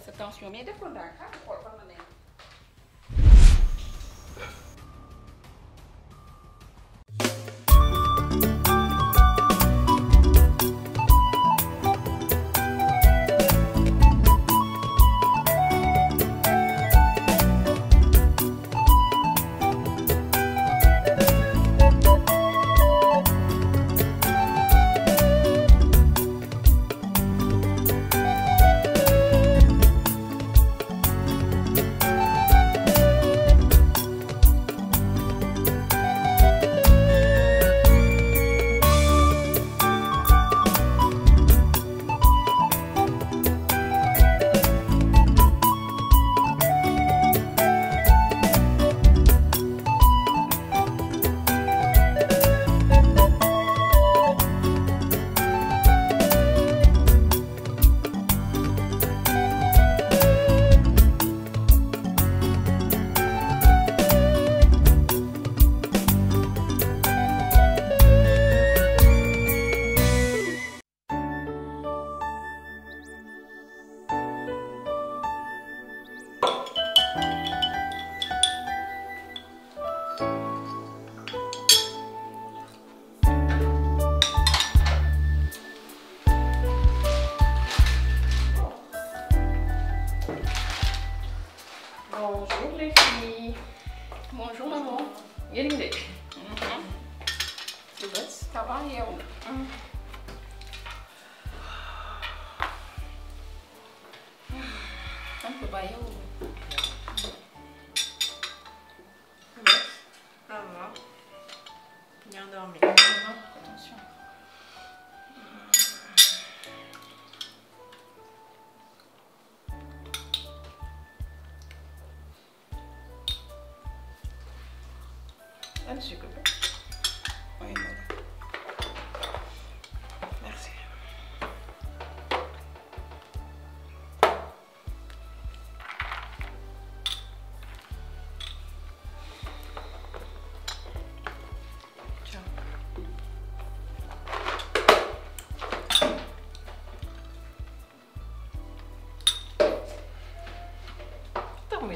ke sa tension mais de naa 4 bien dormir. Attention. Ah, Un petit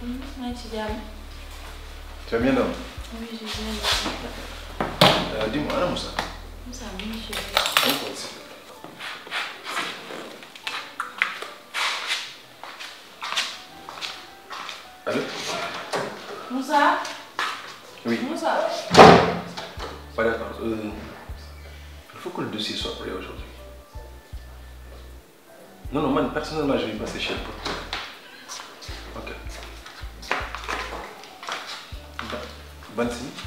tu vas bien Dame. Euh, oui je bien. Euh, dis-moi ana Moussa. Moussa oui, allez allo. Moussa. oui Moussa. Pas Euh, il faut que le dossier soit prêt aujourd'hui. non non moi, personnellement je vais passer chez le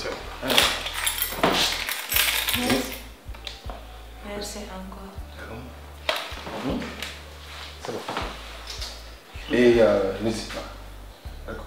Merci. Merci encore. C'est bon Et euh, pas. D'accord.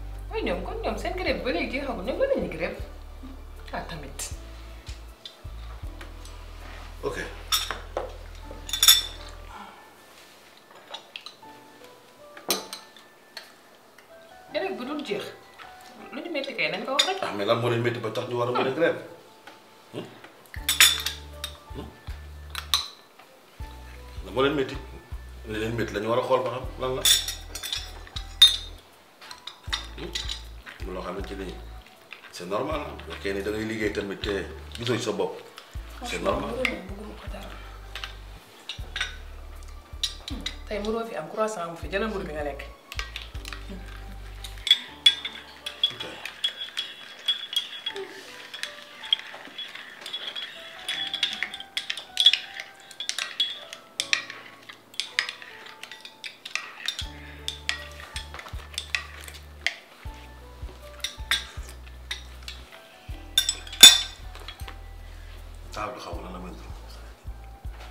mooy ñoom kon ñoom seen grève ba léegi jeexagul ñoom lan la ñuy grève ah tamit. ok. grève bu dul jeex lu ñu métti kay nañ ko wax rek. ah mais moo leen métti ba tax ñu war a mën a grève. lan moo leen métti li leen métti la war a xool ba xam lan la. loo xamante ni c'est normal fekkee ni da ngay liggéey tamit te gisoo sa bopp c'est normal. Hmm. tey mënoo fi am croissant mu fi jëlal mburu bi nga lekk.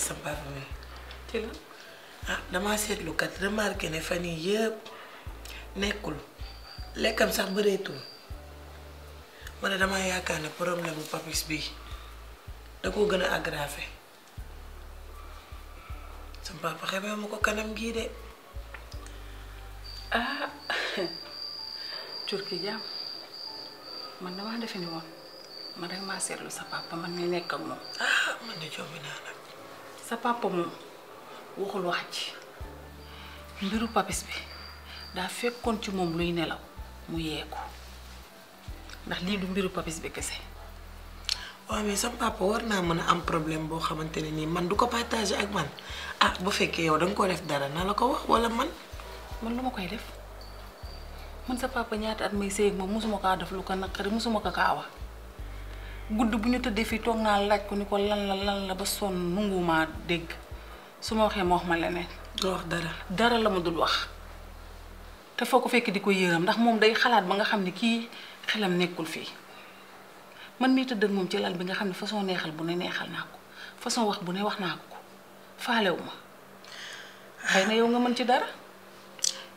gis sa papa mi ci ah, la nekkul lekkam sax bëreetul ma ne damaa yaakaar ne problème bu bi da koo gën a aggravé sa papa ko kanam gii de ah Turki jàmm man damaa defe ni woon man rek maa seetlu sa papa man mi nekk moom ah, man de jombi naa sa papa moom waxul wax ci mbiru papis bi daa fekkoon ci moom luy nelaw mu yeeku ndax lii du mbiru papis bi kese. waaw mais sama papa war naa mën a am problème boo xamante ne nii man du ko partage ak man ah bu fekkee yow da ko def dara na la ko wax wala man. man lu ma koy def man sa papa ñaata at may sëy moom mosuma kaa def lu ko naqari mosuma ko kaa gudd bu ñu tëddee fii toog naa laaj ko ni ko lan la lan la ba sonn nanguwumaa dégg su ma waxee ma wax ma leneen. doo wax dara dara la ma dul wax. te foo ko fekk di ko yëram ndax moom day xalaat ba nga xam ni kii xelam nekkul fii man mii tëdd ak moom ci lal bi nga xam ne façon neexal bu ne neexal naa ko façon wax bu ne wax naa ko faalewu ma. xëy na yow nga mën ci dara.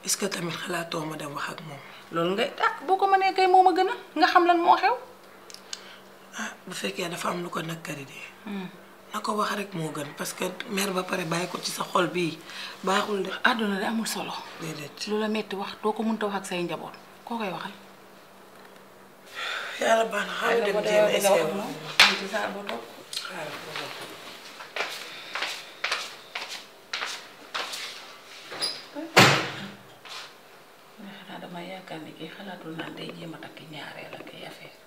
est-ce que tamit xalaatoo ma dem wax ak moom. loolu ngay ah boo ko mënee kay moo ma gën a ah bu fekkee dafa am lu ko nakkari de. Hmm. na ko wax rek moo gën parce que mer ba pare bàyyi ko ci sa xol bii baaxul de. àdduna de amul solo. déedéet lu la metti wax doo ko mënta wax ak say njaboot koo koy waxal. yàlla baax na xaaral dem jéem a essayé xanaa dama yaakaar ni kii xalaatul naan day jéem a takk ñaareel ak affaire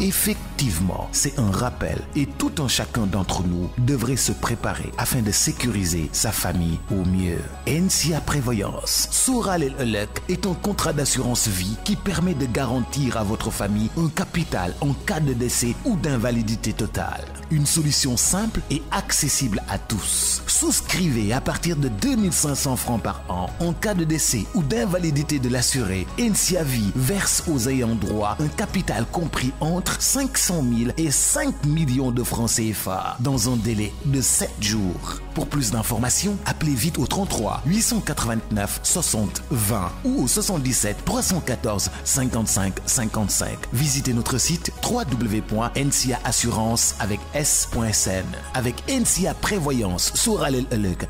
Effectivement, c'est un rappel et tout un chacun d'entre nous devrait se préparer afin de sécuriser sa famille au mieux. NCA Prévoyance, Soral et Elec est un contrat d'assurance vie qui permet de garantir à votre famille un capital en cas de décès ou d'invalidité totale. Une solution simple et accessible à tous. Souscrivez à partir de 2500 francs par an en cas de décès ou d'invalidité de l'assuré. NCA Vie verse aux ayants droit un capital compris entre 500 000 et 5 millions de francs CFA dans un délai de 7 jours. Pour plus d'informations, appelez vite au 33 889 60 20 ou au 77 314 55 55. Visitez notre site www.nciaassurance avec s.sn. Avec NCA Prévoyance,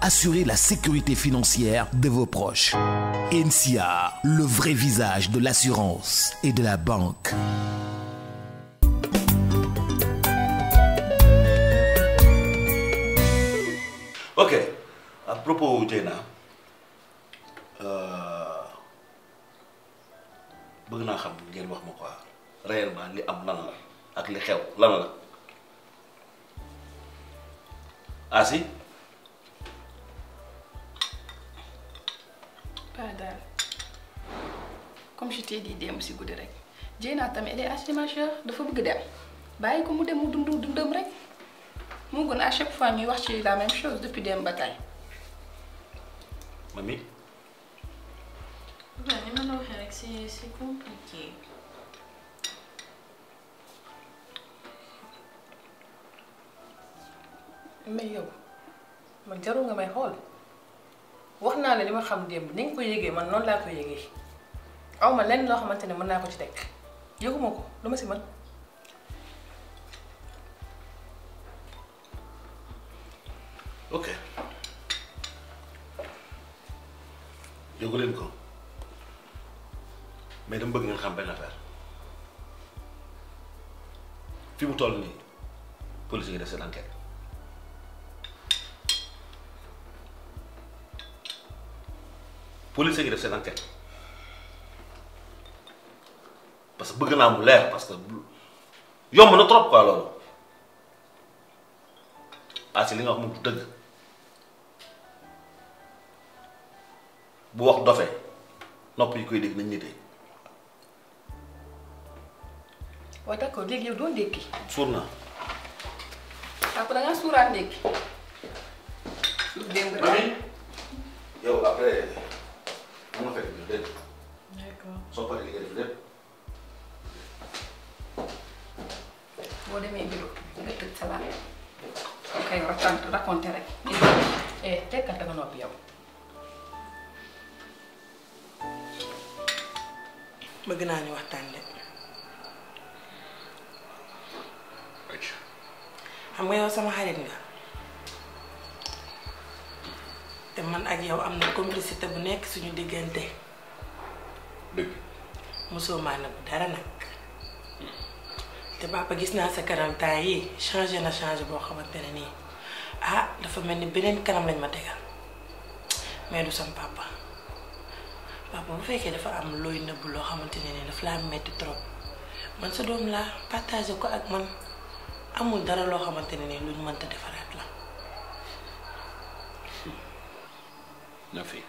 assurez la sécurité financière de vos proches. NCA, le vrai visage de l'assurance et de la banque. proposé naa eh, bëgg naa xam ngeen wax ma quoi réellement li am lan la ak li xew lan la Asi. Ah, pas daal comme je t'ai dit dem si guddi rek Dieyna tam elle est assez majeure dafa bëgg dem bàyyi ko mu dem mu dund dundam rek moo gën à chaque fois ñuy wax ci la même chose depuis dem bataille. mami. waaw ni ma yow man jarul nga may xool wax naa la li ma xam démb ni nga ko yëgee man noonu laa ko yëgee aw ma lenn loo xamante ne mën naa ko ci teg yëguma ko lu ma si man fi mu toll nii police yi def seen enquête police yi def seen enquête parce que bëgg naa mu leer parce que yomb na trop quoi loolu parce ah, que li nga wax mu dëgg bu wax dofee nopp yi koy dégg nañ ni nitee waaw d'accord léegi yow doo ndékki. suur naa. ah kon da ngaa suuraat ndékki. mami yow après mun nga fekk biir d'accord soo paree li nga def lépp. boo demee bureau nga tëj sa ok raconte raconte rek. eh tekkal danga noppi yow. bëgg naa ñu waxtaan de. xam nga yow sama xarit nga te man ak yow am na complicité bu nekk suñu diggante dëgg mosoo dara nag te papa gis naa sa kanam temps yi changé na changer boo xamante ne nii ah dafa mel ni beneen kanam lañ ma tegal mais du sam papa papa bu fekkee dafa am looy nëbb loo xamante ne daf laa metti trop man sa doom laa partagé ko ak man amul dara loo xamante ne nii mënta defaraat la. na fi.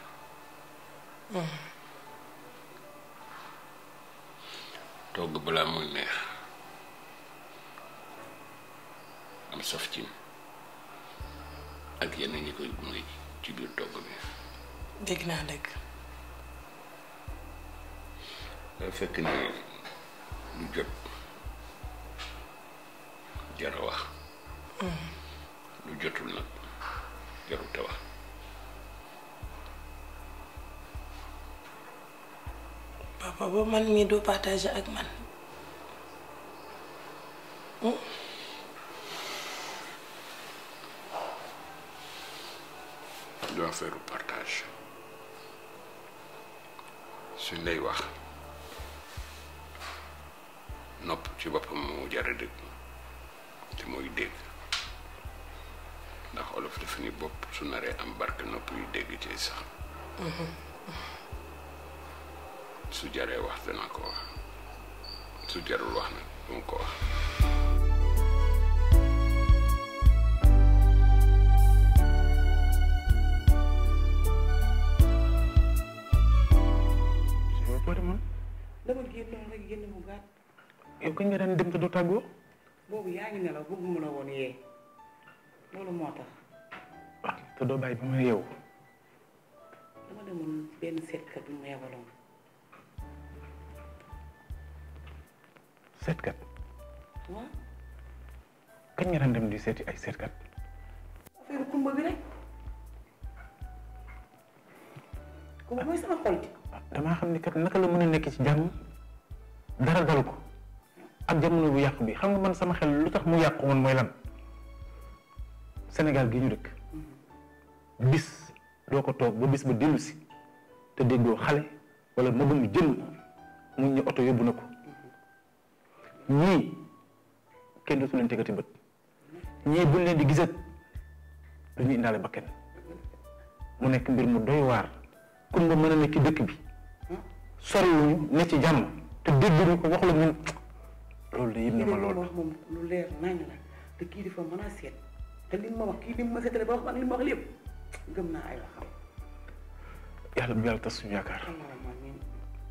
togg balaa muy neex am saf ak yenn ñi koy gunge ci biir togg bi. dégg naa dëgg. fekk ni lu jar a wax lu jotul nag jarut wax papa ba man mii doo partager ak man hmm? du affaire partage suñ lay wax nopp ci boppam mu jar a te moy deg ndax olof def ni bop su naré am barke nopp yu deg ci sax su jaré wax dana ko wax su jarul wax na dum ko wax dama génnoon rek génn bu gàtt yow kañ nga daan dem te du tàggoo boobu yaa ngi nelaw bëgguma la woon yee loolu moo tax. waaw te doo bàyyi ba ma yeewu. dama demoon benn seetkat bi ma yebaloon. seetkat. kañ nga di seeti ay seetkat. affaire kumba bi rek. kumba mooy sama xolti. Ah, damaa xam ni kat naka la mën a nekk ci jàmm dara dalu ko. ak jamono bu yàqu bi xam nga man sama xel lu tax mu yàqu woon mooy lan Sénégal gi ñu dëkk bis doo ko toog ba bis ba dellu si te déggoo xale wala bëgg jël mu ñu oto yóbbu na ko ñii kenn dootu leen tegati bët ñii buñ leen di gisat du ñu indaale bakken mu nekk mbir mu doy waar kun nga mën a nekk dëkk bi hmm? sori ñu ne ci jàmm te dégg ñu ko wax la ñun loolu de yëpp ma loolu wax moom lu leer nañ la te kii dafa mën a seet te li ma wax kii li ma seetale ba wax man li ma wax lépp gëm naa ya ay waxam. yàlla bu yàlla tas suñu yaakaar.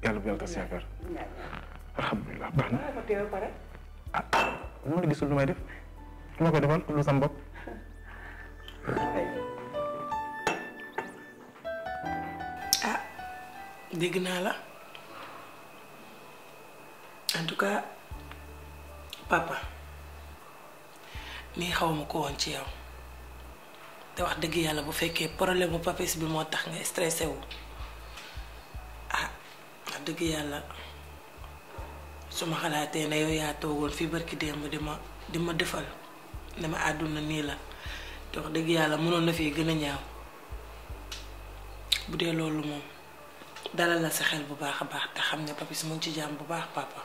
yàlla bu yàlla tas yaakaar. Iya, iya. alhamdulilah baax na. ah ah moom la gisul lu may def lu ma defal lu sam bopp. ah dégg naa la en tout cas. papa lii xaw ma ko woon ci yow te wax dëgg yàlla bu fekkee problème bu papis bi moo tax nga stressé wu ah wax dëgg yàlla su ma xalaatee ne yow yaa toogoon fii barki démb di ma di ma defal dama àdduna nii la te wax dëgg yàlla mënoon na fii gën a ñaaw bu dee loolu moom dalal la sa xel bu baax a baax te xam ne papis mu ci jàmm bu baax papa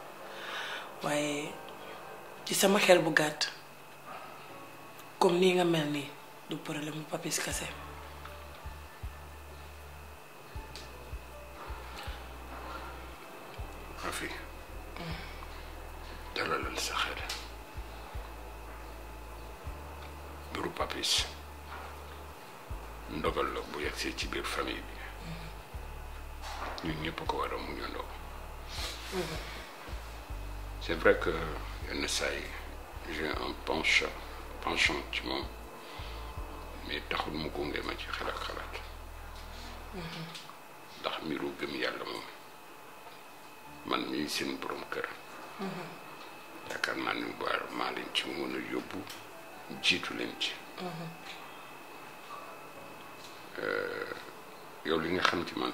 waaye. ci sama xel bu gàtt comme nii nga mel du problème mu Papis Rafi dalalal sa xel Papis ndogal la bu ci biir famille bi ñun ko war a mm-hmm. c'est vrai que yenn saa yi un penchant penchant ci moom mais taxul mu gunge ma ci xel ak xalaat mm-hmm. ndax mbiru gëm yàlla moom man mii seen borom kër mm-hmm. yaakaar naa ni bu maa leen ci mën a yóbbu jiitu leen ci mm-hmm. euh, yow li nga xam ci man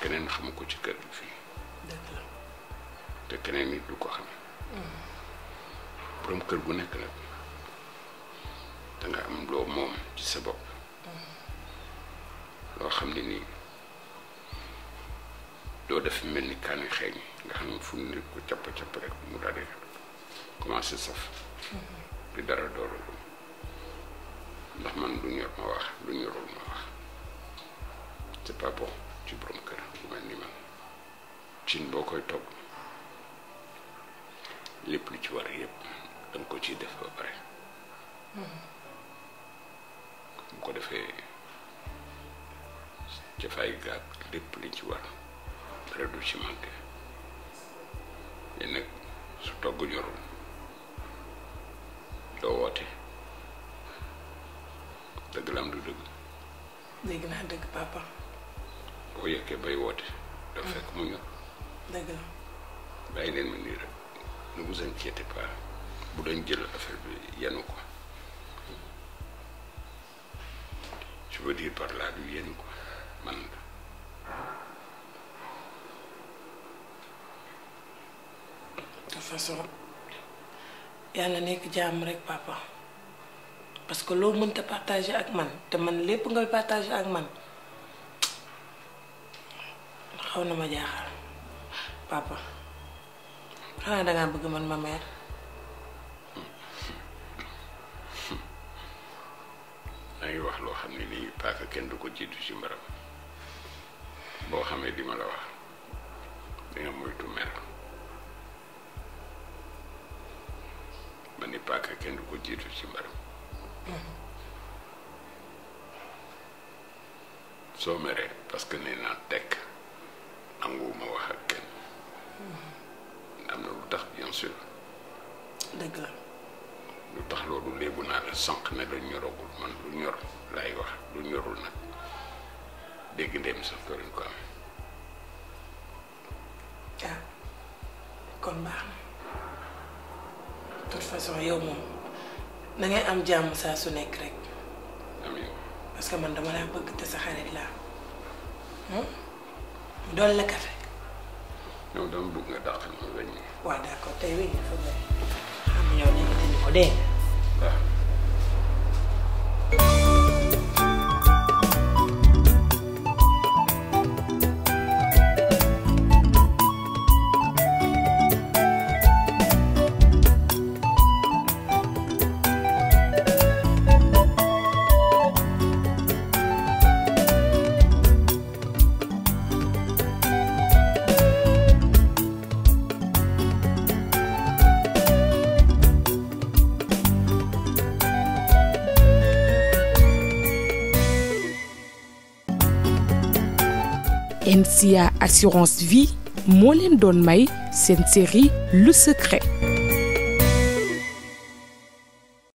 keneen xam ko ci kër bi fii te keneen nit du ko xam borom kër gu nekk nag da nga am loo moom ci sa bopp loo xam ne nii doo def mel ni kaani xeeñ nga xam ne fu ne ko capp capp rek mu daal di commencé saf di dara dooru ndax man du ñor ma wax du ñorul ma wax c'est pas bon ci borom kër bu mel man cin boo koy lépp lu ci war yépp danga ko ciy def ba pare hmm. mu ko defee ca fay gaag lépp li ci war dara du ci manqué li nag su togg ñorul doo woote dëgg la am du dëgg dégg naa dëgg papa boo yekkee bay woote dafa fekk mu ñor dëgg la bàyyi leen ma nii rek ne vous inquiétez pas bu leen jël affaire bi yenu quoi je veux dire par là du yenu quoi man la de façon yàlla nekk jàmm rek papa parce que loo mënta partager ak man te man lépp ngay partager ak man xaw na ma jaaxal papa xanaa dangaa bëgg man ma meer maa ngi wax loo xam ne nii parce kenn du ko jiitu ci mbaram boo xamee di ma la wax dinga moytu mer ma ni paaka kenn du ko jiitu ci mbaram soo meree parce que nee naa tekk nanguwuma wax ak kenn am na lu tax bien sûr. dëgg la. lu tax loolu naa la sànq ne la ñoragul man lu ñor wax lu ñorul nag dégg sax këriñ ko ah kon baax na parce que man dama laa bëgg te sa hmm? ñoom dama bëgg nga dàq ñu weñ ñi. waaw d'accord tey weñ dafa bëri xam yow ko dégg nga. à Assurance Vie molen Don donne may série Le Secret